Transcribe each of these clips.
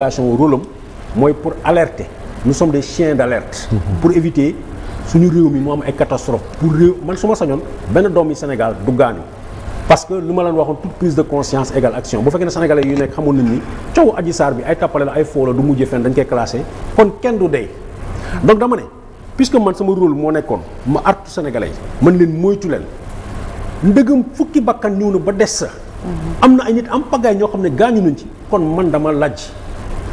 population rôle am mooy pour alerter nous sommes des chiens d'alerte mm-hmm. pour éviter suñu réew mi moo am ay catastrophe pour réew man su ma sañoon benn doom doomi Sénégal du gaañu parce que lu ma leen waxoon toute prise de conscience égale action bu fekkee ne sénégalais yu nekk xamoon nañ ni coow Adji Sarr bi ay tappale la ay foola la du mujjee fen dañ koy classé kon kenn du dee donc dama ne puisque man sama role moo nekkoon ma artu sénégalais yi man leen moytu leen ndëgëm fukki bakkan ñëw na ba des mm-hmm. am na ay nit am pagaay ñoo xam ne gaañu nañ ci kon man dama lajj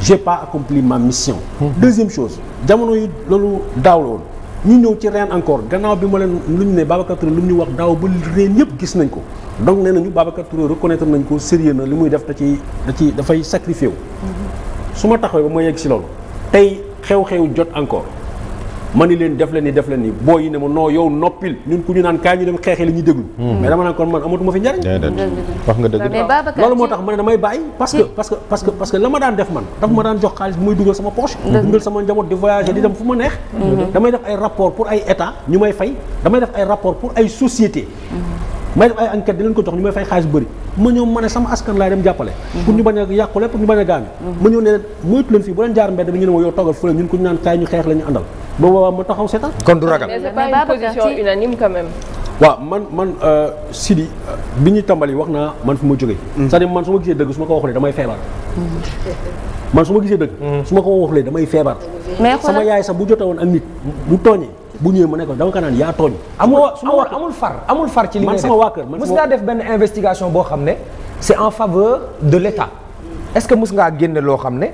j'ai pas accompli ma mission. Mhm. deuxième chose jamono yi loolu daaw la woon ñu ñëw ci reen encore gannaaw bi ma leen lu ñu ne Babacar Touré lu mu ñu wax daaw ba reen yëpp gis nañ ko donc nee nañu Babacar Touré reconnaître nañ ko sérieux na li muy def da ci da dafay sacrifié wu. Mhm. su ma taxawee ba ma yegg si loolu tey xew-xew jot encore. ma ni leen def leen ni def leen ni boo yi ne ma non yow noppil ñun ko ñu hmm. a yàqule a hmm. naan kaay ñu xeex la àndal ba boobaa mu taxaw seetaan. kon du ragal mais c'est pas waaw man man euh, Sidi bi ñuy tàmbali wax naa man fu ma jógee. Mm. cest à man su ma gisee dëgg su ma ko waxulee damay feebar. Mm. man su ma gisee dëgg. Mm. su ma ko waxulee damay feebar. sama yaay sax bu jotewoon ak nit bu tooñee. bu ñëwee ma ne ko dama ko naan yaa tooñ. amul amul far amul far ci li ngay def man sama waa kër ngaa def benn investigation boo xam ne c'est en faveur de l'État est-ce que mës ngaa génne loo xam ne.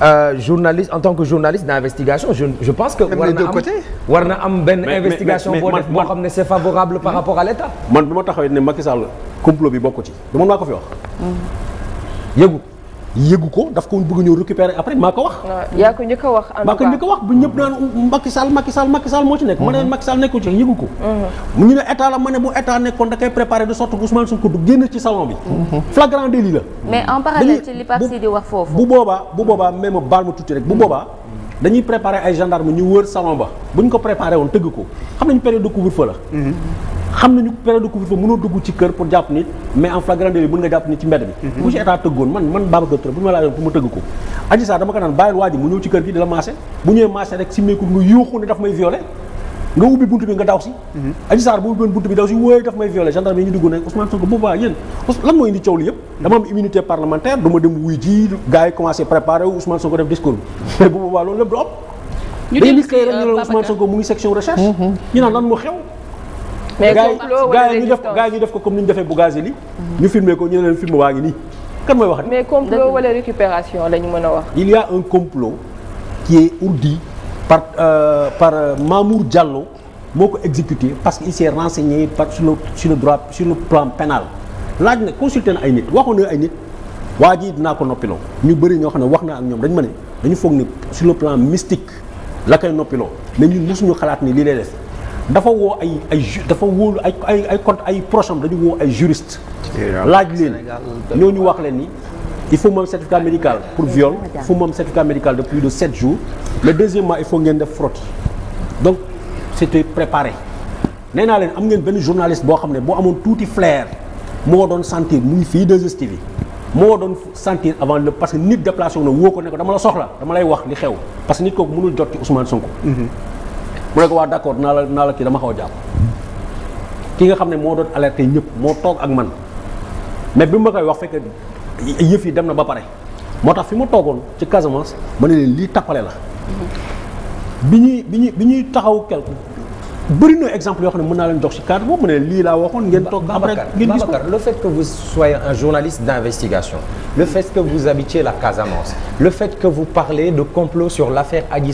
Euh, journaliste en tant que journaliste d'investigation je je pense que. war na am war na am benn investigation. boo def boo xam ne c'est favorable par rapport à l'État. man bi ma taxawee ne Macky Sall complot bi bokk ci du man maa ko fi wax. yëgu. yëgu ko daf ko bëgg ñu récupérer après maa ko wax. yaa ko njëkk a wax. en maa ko njëkk a wax bu ñëpp naan Macky Sall Macky Sall moo ci nekk. ma ne mhm. Macky Sall nekkul ci yëgu ko. Mhm. mu ñu ne état la ma ne bu état nekkoon da koy préparer de sorte que Ousmane Sonko du génn ci salon bi. Mhm. flagrant délit la. mais en parallèle ci li Pape wax foofu. bu boobaa bu baal ma tuuti rek bu boobaa. dañuy préparer ay gendarme ñu wër salon ba bu ñu ko préparer woon tëgg ko xam nañ période de couvre-feu la xam nañu période de couvre-feu mënoo dugg ci kër pour jàpp nit mais en flagrant délit mën nga jàpp nit ci mbedd bi mhm. bu ci tëggoon man man Babacar Touré bu ñu ma laajoon pour ma tëgg ko Adji Sarr dama ko naan bàyyil waa mu ñëw ci kër gi di maase bu ñëwee maase rek si meeku yuuxu ne daf may violé nga ubbi buntu bi nga daw si mhm. Adji Sarr bu ubbi buntu bi daw si wooy daf may violé gendarme yi ñu dugg ne Ousmane Sonko boobaa yéen lan euh, mhm. lan mais complot wala résistance gars yi ñu def ko comme ni ñu defee Bougazelli ñu filmé ko ñu ne leen film waa ngi nii kan mooy wax. mais a wax. il y a un complot qui est ourdi par euh, par euh, Mamour Diallo ko exécuté parce que il s'est renseigné par sur le sur le droit sur le plan pénal laaj na consulté na ay nit waxoon na ay nit waa ji dinaa ko noppiloo ñu bëri ñoo xam ne wax naa ak ñoom dañ ma ne dañu foog ne sur le plan mystique la koy noppiloo mais ñun mosuñu xalaat ni lii lay def. dafa woo ay ay ju dafa wóolu ay ay ay compte ay proche dañu woo ay juriste laaj leen ñu wax leen ni il faut moom certificat médical pour viol il faut moom certificat médical de de sept jours mais deuxièmement il faut ngeen def frottis donc c'était préparé nee naa leen am ngeen benn journaliste boo xam ne boo amoon tuuti flair moo doon sentir mu ngi fii 2STV bi moo doon sentir avant le parce que nit déplacé na woo ko ne dama la soxla dama lay wax li xew parce que nit kooku mënul jot ci mu ne ko waa d'accord naa la naa la kii dama xaw jàpp ki nga xam ne moo doon alerté ñëpp moo toog ak man mais bi mu ma koy wax fekk yëf yi dem na ba pare moo tax fi mu toogoon ci Casamance ma ne leen lii tappale la bi ñuy bi ñuy bi ñuy taxaw quelque bëri na exemple yoo xam ne mën naa leen jox ci cadre boobu ma ne lii laa waxoon ngeen toog ba ngeen gis ko le fait que vous soyez un journaliste d'investigation le fait que vous habitiez la Casamance le fait que vous parlez de complot sur l'affaire Adji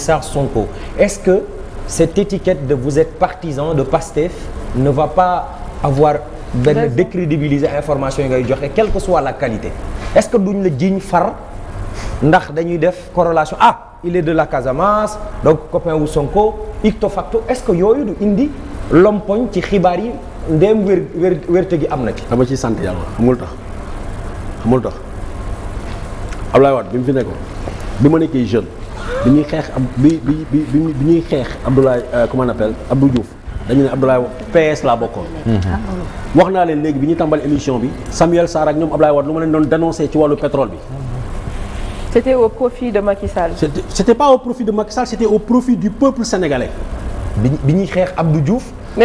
est-ce que cette étiquette de vous êtes partisan de Pastef ne va pas avoir benn décrédibiliser information yi ngay joxe quelle que soit la qualité est-ce que duñ la jiñ far ndax dañuy def corrélation ah il est de la Casamance donc copain wu Sonko icto facto est-ce que yooyu du indi lompoñ ci xibaar yi ndéem wér wér wérte gi am na ci. dama ci sant yàlla xamul tax xamul tax Ablaye Wade bi mu fi nekkoon bi ma nekkee jeune. bi ñuy xeex ab bi bi bi bi ñuy xeex Abdoulaye euh, comment on appelle Abdou Diouf dañu ne Abdoulaye PS laa bokkoon. Mm-hmm. wax naa leen léegi bi ñu tàmbali émission bi Samuel Sarr ak ñoom Abdoulaye Wade lu ma leen doon dénoncé ci wàllu pétrole bi. c' au profit de Macky Sall. c' était c' était pas au profit de Macky Sall au profit du peuple sénégalais. bi bi ñuy xeex Abdou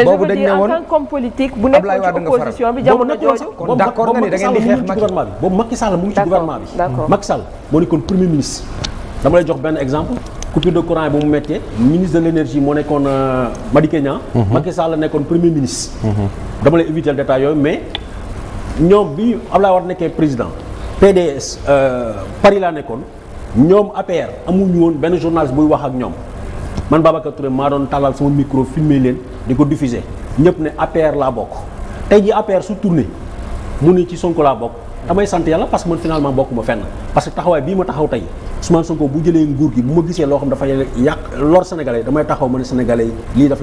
boobu dañ ne woon mais je veux dire bu nekkoon ci opposition bi jamono jooju. kon da ngeen di xeex Macky Sall mu ngi ci gouvernement bi. d' accord Macky Sall premier ministre. dama lay jox benn exemple coupure de courant yi ba mu méttee ministre de l'énergie moo nekkoon euh, Madické Niang mhm. Macky la nekkoon premier ministre mhm. dama lay éviter le détail yooyu mais ñoom bi Abdoulaye Wade nekkee président PDS euh, Paris laa nekkoon ñoom APR amuñu woon benn journaliste buy wax ak ñoom man Babacar Touré maa doon tàllal sama micro filmer leen di ko diffuser ñëpp ne APR laa bokk tey ji APR su tourné mu ni ci Sonko laa bokk damay sant yàlla parce que man finalement bokkuma fenn parce que taxawaay bii ma taxaw tey Ousmane Sonko bu jëlee nguur gi bu ma gisee loo xam dafa yàq lor sénégalais yi lii daf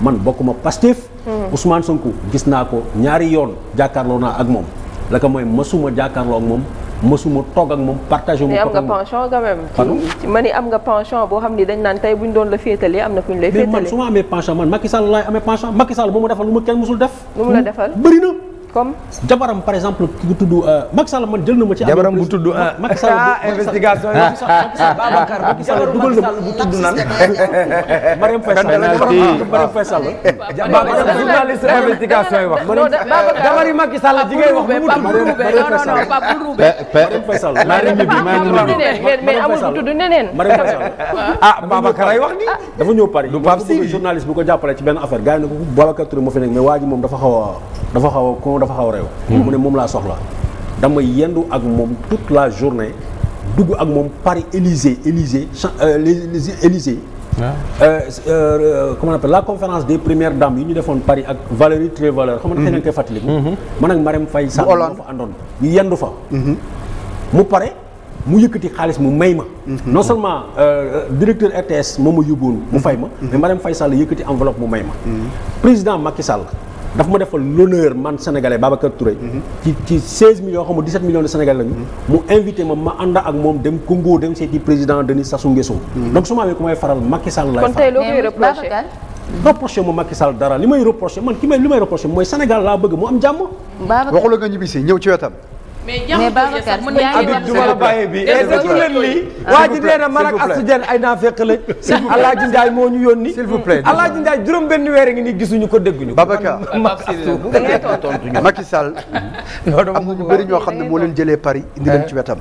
man bokkuma Pastef hmm. Ousmane Sonko gis naa ko ñaari yoon jàkkaarloo naa ak moom la mooy mësuma jàkkaarloo ak moom mësuma toog ak moom partagé mu. am nga pension quand ma ni am nga pension boo xam ni dañ naan tey bu ñu doon la féetalee am na fu ñu lay. féetalee mais man su ma amee pension man Macky Sall laay amee pension Macky Sall comme jabaram par exemple bu tudd euh, Macky Sall man jël na ma ci. jabaram bu tudd ah Macky Sall investigation yi. Babacar Macky Sall dugal na bu tudd nan. Mariam Faye Sall Mariam Faye Sall. journaliste investigation yi wax. jabari Macky Sall jigéen wax bu tudd Mariam Faye Sall. Mariam Faye Sall Mariam Faye Sall. ah Babacar ay wax ni. Ah. dafa ñëw Paris du Pape Sy journaliste bu ko jàppale ci benn affaire gars yi ne ko Babacar Touré moo fi nekk mais waa ji moom dafa xaw a dafa xaw a moom dafa xaw a réew hmm. mu ne moom laa soxla dama yendu ak moom toute la journée dugg ak moom Paris Élysée Élysée euh, Élysée ah. euh, euh, comment on appelle la conférence de premières dame yi ñu defoon Paris ak Valérie Trierweiler xam nga ngeen koy fàttaliku man ak Marème Faye Sall moo fa àndoon ñu yendu fa hmm. mu pare mu yëkkati xaalis mu may ma. Hmm. non seulement directeur RTS moom ma yóbbuwoon mu fay ma. mais madame Faye Sall yëkkati enveloppe mu may ma. président Macky Sall dafa ma defal l'honneur man sénégalais Babacar Touré. Mhm. ci ci 16 millions xam nga 17 millions de sénégalais lañu. Mhm. mu invité ma ma ànd ak moom dem Congo dem seeti président Denis Sassou Nguesso. Mhm. donc su ma amee ku may faral Macky Sall lay faral. kon tey loo koy dara li may reproché man ki may li may reproché mooy Sénégal laa bëgg mu am jàmm. waxu la nga ñibbisi ñëw ci wetam. mais Babacar Habib du ma la bàyyee bi et déglu leen lii waa ji nee na man ak Astou Diagne ay naafeq lañ Alaaji Ndiaye moo ñu yónni s'il vous plaît Alaaji Ndiaye juróom benn weer ngi nii gisuñu ko dégguñu Babacar Macky Sall am na ñu bëri ñoo xam ne moo leen jëlee Paris indi ci wetam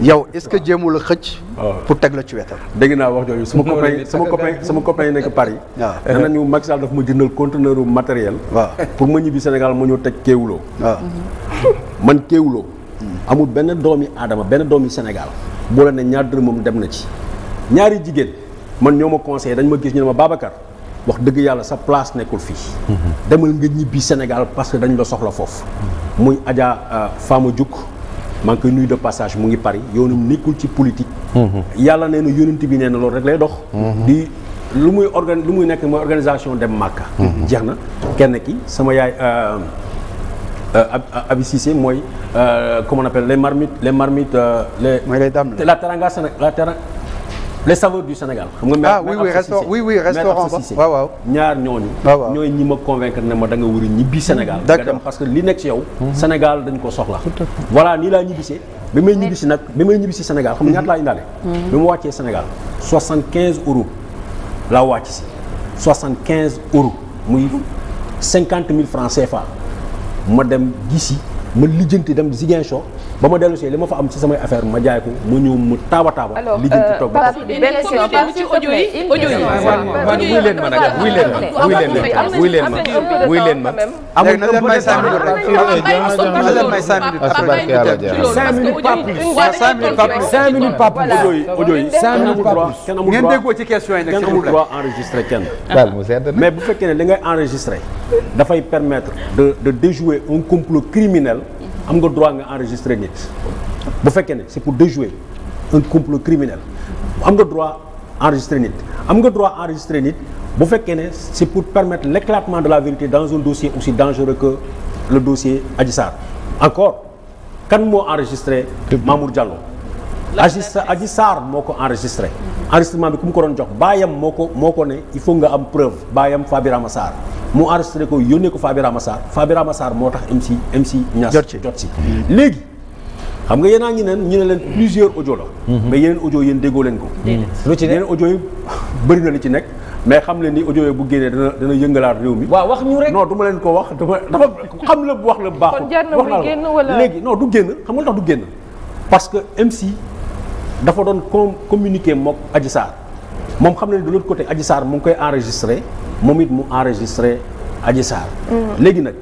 yow est-ce que jéemu la xëcc. Ah. pour teg la ci wetam. dégg naa wax jooju sama copain sama copain sama copain nekk Paris. waaw ah. danañu eh, nañu Macky Sall daf ma jëndal conteneur u matériel. waaw ah. pour ma ñibbi Sénégal ma ñoo teg Kéwoulo. waaw man Kéwoulo. amul benn doomi aadama benn doomi Sénégal boo la ne ñaar dërëm moom dem na ci. ñaari jigéen man ñoo ma conseil dañ ma gis ñu ne ma Babacar wax dëgg yàlla sa place nekkul fii. Mhm. demal nga ñibbi Sénégal parce que dañu la soxla foofu. muy Adja euh, Fama Diouk. maa ngi koy nuyu de passage mu ngi pari Paris yoonam nekkul ci politique. yàlla nee na yónent bi nee na loolu rek lay dox. di lu muy organ lu muy nekk mooy organisation dem Màkka. jeex na kenn ki sama yaay. Euh, euh, Abi Cissé mooy euh, comment on appelle les marmites les marmites les. mooy les dames la la teranga Sénégal la teranga. les saveurs du Sénégal. xam nga mère ah oui oui restaurant oui oui restaurant waaw ñaar ñooñu. Ah, waaw waaw ñi ma convaincre ne ma da nga war a ñibbi Sénégal. d' accord parce que li nekk ci yow. Mhm. Sénégal dañ ko soxla. voilà nii laa ñibbisee. bi may ñibbisi nag bi may ñibbisi Sénégal xam nga ñaata laa indaale. Mhm. Mhm. bi ma wàccee Sénégal quinze euros laa wàcc si quinze euros muy cinquante mille francais fa ma dem gisi ma lijjanti dem Ziguinchor ba ma dellu si li ma fa am ci samay affaire ma jaay ko ma ñëw mu taaba taaba. lijjanti euh, toog ba ko benn question ci audio yi audio yi. wuy leen ma nag wuy leen ma wuy leen ma wuy leen ma wuy leen ma. amul na leen may cinq minutes rek na leen may cinq minutes après cinq minutes pas plus cinq minutes pas plus cinq minutes pas plus audio yi audio yi cinq minutes pas plus kenn amul droit ngeen déggoo ci question yi nag kenn amul droit enregistré kenn mais bu fekkee ne li ngay enregistré dafay permettre de de déjouer un complot criminel am nga droit nga enregistrer nit bu fekkee ne c'est pour déjouer un complot criminel am nga droit enregistrer nit am nga droit enregistrer nit bu fekkee ne c'est pour permettre l'éclatement de la vérité dans un dossier aussi dangereux que le dossier Adji Sarr encore kan moo enregistré Mamour Diallo agis Adji Sarr moo ko enregistré enregistrement bi ku mu ko doon jox baayam moo ko moo ko ne il faut nga am preuve baayam a Sarr mu enregistré ko yónnee ko Fabirama a Fabirama Sarr moo tax MC MC Niass jot si léegi xam nga yéenaa ñu neen ñu ne leen plusieurs audio la mhm. mais yeneen audio yéen déggoo leen ko lu ci ne yeneen audio yi bëri na ci nekk mais xam leen ni ojo yi bu génnee dana dana yëngalaat réew mi waa wax ñu rek non du ma leen ko wax dama dafa xam la wax la baaxul wax naa léegi non du génn xam nga lu du génn parce que MC dafa doon com communiqué mook Adji Sarr moom xam na ne de l'autre côté Adji Sarr mu ngi koy enregistré moom it mu enregistré Adji Sarr. Mm-hmm. léegi nag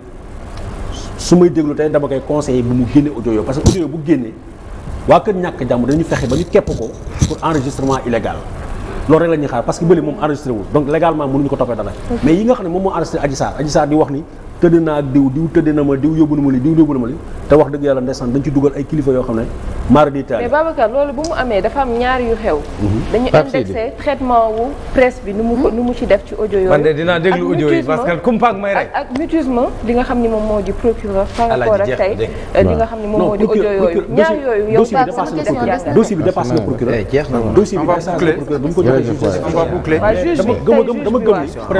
su may déglu tey dama koy conseillé bu mu génne audio parce que audio bu génne waa kër ñàkk jàmm dañu fexe ba ñu képp ko pour enregistrement illégal loolu rek la xaar parce que bële moom enregistré donc légalement mënuñu ko toppee dara. mais yi nga xam ne moom moo enregistré Adji Sarr di wax ni. tëdd naa ak diw diw tëdd na ma diw yóbbu na ma li diw yóbbu na ma li te wax dëgg yàlla ndeysaan dañ ci dugal ay kilifa yoo xam ne maar di taal mais Babacar loolu bu mu amee dafa am ñaar yu xew dama gëm dama gëm ni peut-être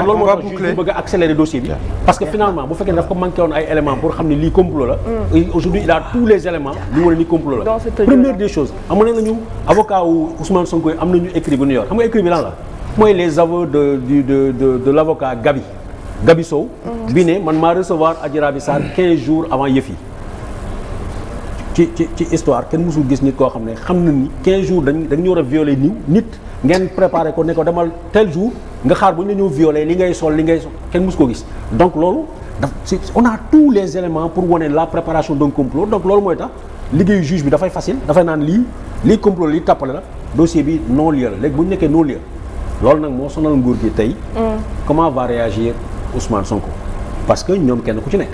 loolu moo tax a accélérer bi parce que finalement bu fekkee daf ko manqué woon ay éléments pour xam ne lii complot la. Mm. aujourd'hui il a tous les éléments li wane ni complot la. première des choses amoon nañu avocat wu Ousmane Sonko yi am nañu écrit bu ñu yor xam nga écrit bi la mooy les aveux de du de de de l' avocat Gabi Gabi Sow. Mm. bi ne man maa recevoir Adji Raby Sarr 15 jours avant yëf yi. ci ci ci histoire kenn mësul gis nit koo xam ne xam na ni quinze jours dañ dañ ñu war a violer niw nit ngeen préparé ko ne ko demal tel jour nga xaar bu ñu ñëw violer li ngay sol li ngay sol kenn mësu koo gis donc daf on a tous les éléments pour wone la préparation d'un complot donc loolu mooy tax liggéey juge bi dafay facile dafay naan lii lii complot lii tàppale la dossier bi non lieu la léegi bu nekkee non lieu loolu nag moo sonal nguur gi tey. Mm. comment va réagir Ousmane Sonko. parce que ñoom kenn ku ci nekk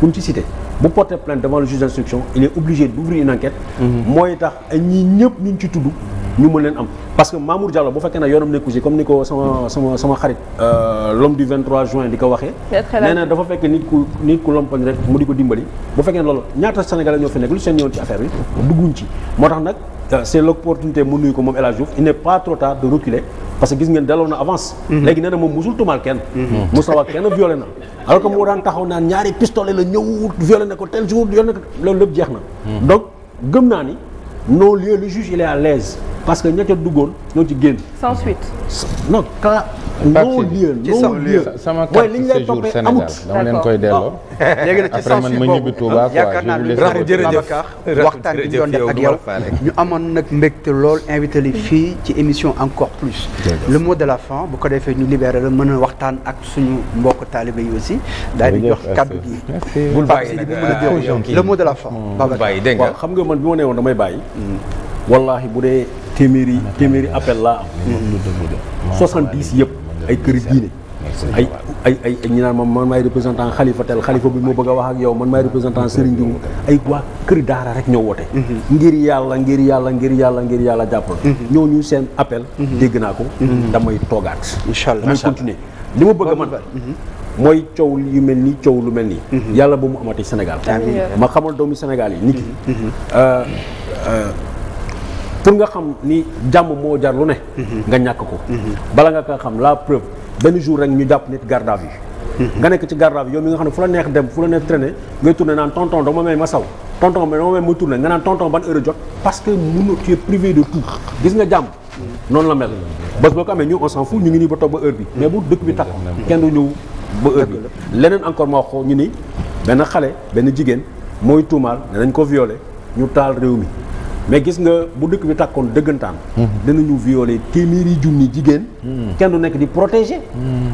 kuñ ci cité bu porter plainte devant le juge d'instruction il est obligé d'ouvrir une enquête. Mm-hmm. mooy tax ñii ñëpp ñu ci tudd. ñu mën leen am parce que Mamour Diallo bu fekkee ne yoonam nekku ci comme ni ko sama sama sama xarit euh, l'homme du 23 juin di ko waxee nee na dafa fekk nit ku nit lompañ rek mu di ko dimbali bu fekkee ne loolu ñaata sénégalais ñoo fi nekk lu seen yoon ci affaire bi dugguñ ci moo tax nag euh, c'est l'opportunité mu nuyu ko moom El Hadj il n'est pas trop tard de reculer parce que gis ngeen daloon na avance mhm. léegi nee na moom musul tumaal kenn mhm. musul wax kenn violé na alors ko non lieu le juge il est à l'aise parce que ña ca duggoon ñoo ci génn. sans suite. non non lieu non lieu sama carte séjour Sénégal dama leen koy delloo. léegi nag ci sens si boobu lu rafetlu waxtaan bi ñu doon def ak yow ñu amoon nag mbégte lool invité li hmm. fii ci émission encore plus. le mot de la fin bu ko defee ñu libéré la mën a waxtaan ak suñu mbokk taalibe yi aussi. daal di jox kaddu gi. bul bàyyi nag euh, le mot de la fin. Hmm. bul bàyyi dégg xam nga man bi ma ne woon damay bàyyi. Hmm. wallaahi bu dee téeméeri téeméeri appel la am. soixante-dix yëpp. ay këri diine ay ay ay ñu naan moom man maay représentant xalifa tel xalifa bi moo bëgg a wax ak yow man maay représentant Serigne Dioum ay waa kër daara rek ñoo woote ngir yàlla ngir yàlla ngir yàlla ngir yàlla jàppal ñooñu seen appel dégg naa ko damay toogaat incha allah damay continuer li ma bëgg a man mhm. mooy coow yu mel nii coow lu mel nii mhm. yàlla ba mu amati Sénégal ma xamal doomu Sénégal yi nit ki pour nga xam ni jàmm moo jar lu ne. nga ñàkk ko. bala nga ko xam la preuve benn jour rek ñu jàpp nit garde à vue nga nekk ci garde à vue yow mi nga xam ne fu la neex dem fu la neex traîner ngay tourné naan tonton dama may ma saw tonton mais dama may ma tourné nga naan tonton ban heure jot. parce que mënu tu es privé de tout gis nga jàmm. noonu la mel bés boo ko amee ñu on s'en ñu ngi nii ba toog ba heure bi. mais bu dëkk bi takk kenn du ñëw ba heure leneen encore ma wax ko benn xale benn jigéen mooy tuumaal ne dañ ko ñu taal réew mi. mais gis nga bu dëkk bi tàkkoon dëggantaan. dinañu violer téeméeri junni jigéen. kenn du nekk di protéger.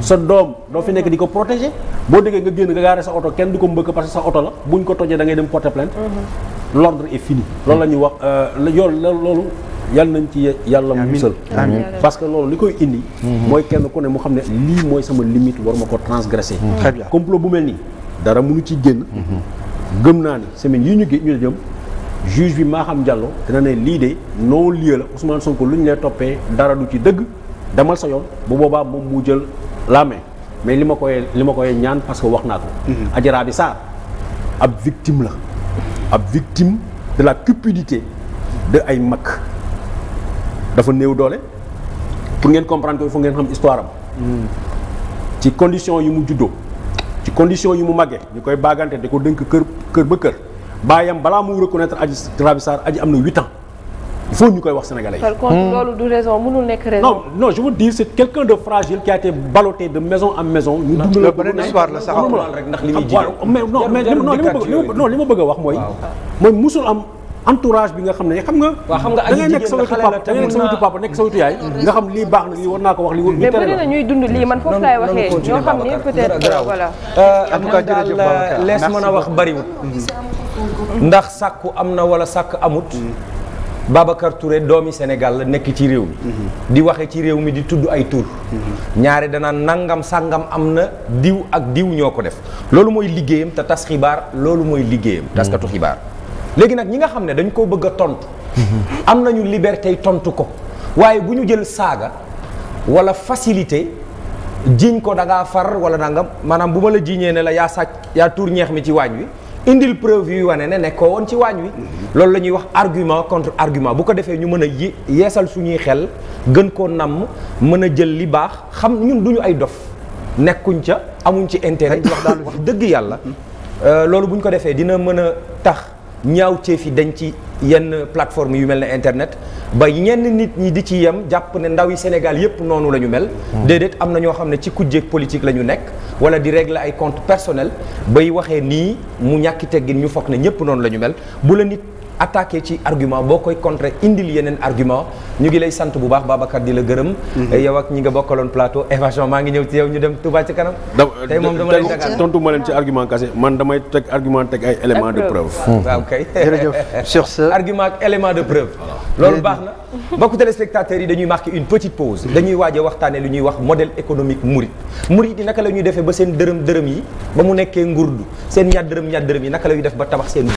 sa doom doo fi nekk di ko protégé boo déggee nga génn nga gaare sa oto kenn du ko mbëkk parce que sa oto la buñ ko tojee da ngay dem porter plainte. l'ordre est fini. loolu la ñuy wax euh, yoon loolu yal nañ ci yàlla musal. amiin parce que loolu li koy indi. mooy kenn ku ne mu xam ne lii mooy sama limite war ma ko transgresser. complot bu mel nii dara mënu ci génn. gëm naa ni semaine yi ñu gé ñu jëm. juge bi ma xam Diallo dina ne lii de noo lieu la Ousmane ko lu ñu lee toppee dara du ci dëgg demal sa yoon bu boobaa moom mu jël la mais li ma koy li ma koy ñaan parce que wax naa ko. Mhm. Adji Raby Sarr ab victime la ab victime de la cupidité de ay mag dafa néew doole pour ngeen comprendre ko il ngeen xam histoire am. Mhm. ci condition yi mu juddoo ci condition yi mu màggee ñu koy baagante di ko dënk kër kër ba kër. baayam balaa mu reconnaître Adji Raby Sarr am na huit ans il faut ñu koy wax sénégalais yi. par contre hmm. loolu du raison mënul nekk raison. non non je veux dire c'est quelqu'un de fragile qui a été ballotté de maison en maison. ñu dund la beneen li ah, mais non mais li ma bëgg a wax mooy. mooy musul am. entourage bi nga xam ne xam nga. xam nga ak jigéen te xale la da ngay nekk sa wetu papa nekk sa wetu yaay. nga xam lii baax na lii war naa ko wax lii. mais bëri na ñuy dund lii man foofu laay waxee ñoo xam ni peut-être voilà. en tout cas jërëjëf Babacar lees mën a wax bariwut. Mm-hmm. ndax sàkku am na wala sàkk amut. Mm-hmm. Babacar ture doomi Sénégal la nekk ci réew mi. Mm-hmm. di waxe ci réew mi di tudd ay tur. ñaare danaa nangam sàngam am na diw ak diw ñoo ko def. loolu mooy liggéeyam te tas xibaar loolu mooy liggéeyam. taskatu xibaar. léegi nag ñi nga xam ne dañ koo bëgg a tontu. am nañu liberté tontu ko waaye bu ñu jël saaga wala facilité jiiñ ko dangaa ngaa far wala nangam maanaam bu ma la jiiñee ne la yaa sàcc yaa tuur ñeex mi ci waañ wi indil preuve yuy wane ne nekkoo woon ci waañ wi. loolu la ñuy wax argument contre argument bu ko defee ñu mën a yi yeesal suñuy xel gën koo namm mën a jël li baax xam ñun duñu ay dof nekkuñ ca amuñ ci intérêt. wax daal wax dëgg yàlla euh, loolu bu ñu ko defee dina mën a tax. ñaaw ceef yi dañ ci yenn plateforme yu mel ne internet ba ñenn nit ñi di ci yem jàpp ne ndaw yi Sénégal yépp noonu la ñu mel hmm. déedéet am na ñoo xam ne ci kujjeeg politique la ñu nekk wala di régler ay compte personnel bay waxee nii mu ñàkki teggin ñu foog ne ñépp noonu la ñu mel bu la nit attaque ci argument boo koy contrer indil yeneen argument ñu ngi lay sant bu baax Babacar di la gërëm. Mhm. yow ak ñi nga bokkaloon plateau Eva maa ngi ñëw ci yow ñu dem Touba ci kanam. moom dama lay dagaan tontu ma leen ci argument kase man damay teg argument teg ay élément de preuve. Hmm. Hmm. waaw argument ak élément de preuve. loolu baax na mbokku téléspectateurs yi dañuy marqué une petite pause. dañuy waaj a waxtaanee lu ñuy wax modèle économique murit murit yi naka la ñuy defee ba seen dërëm dërëm yi ba mu nekkee ngurdu seen ñaar dërëm yi naka la def ba tabax seen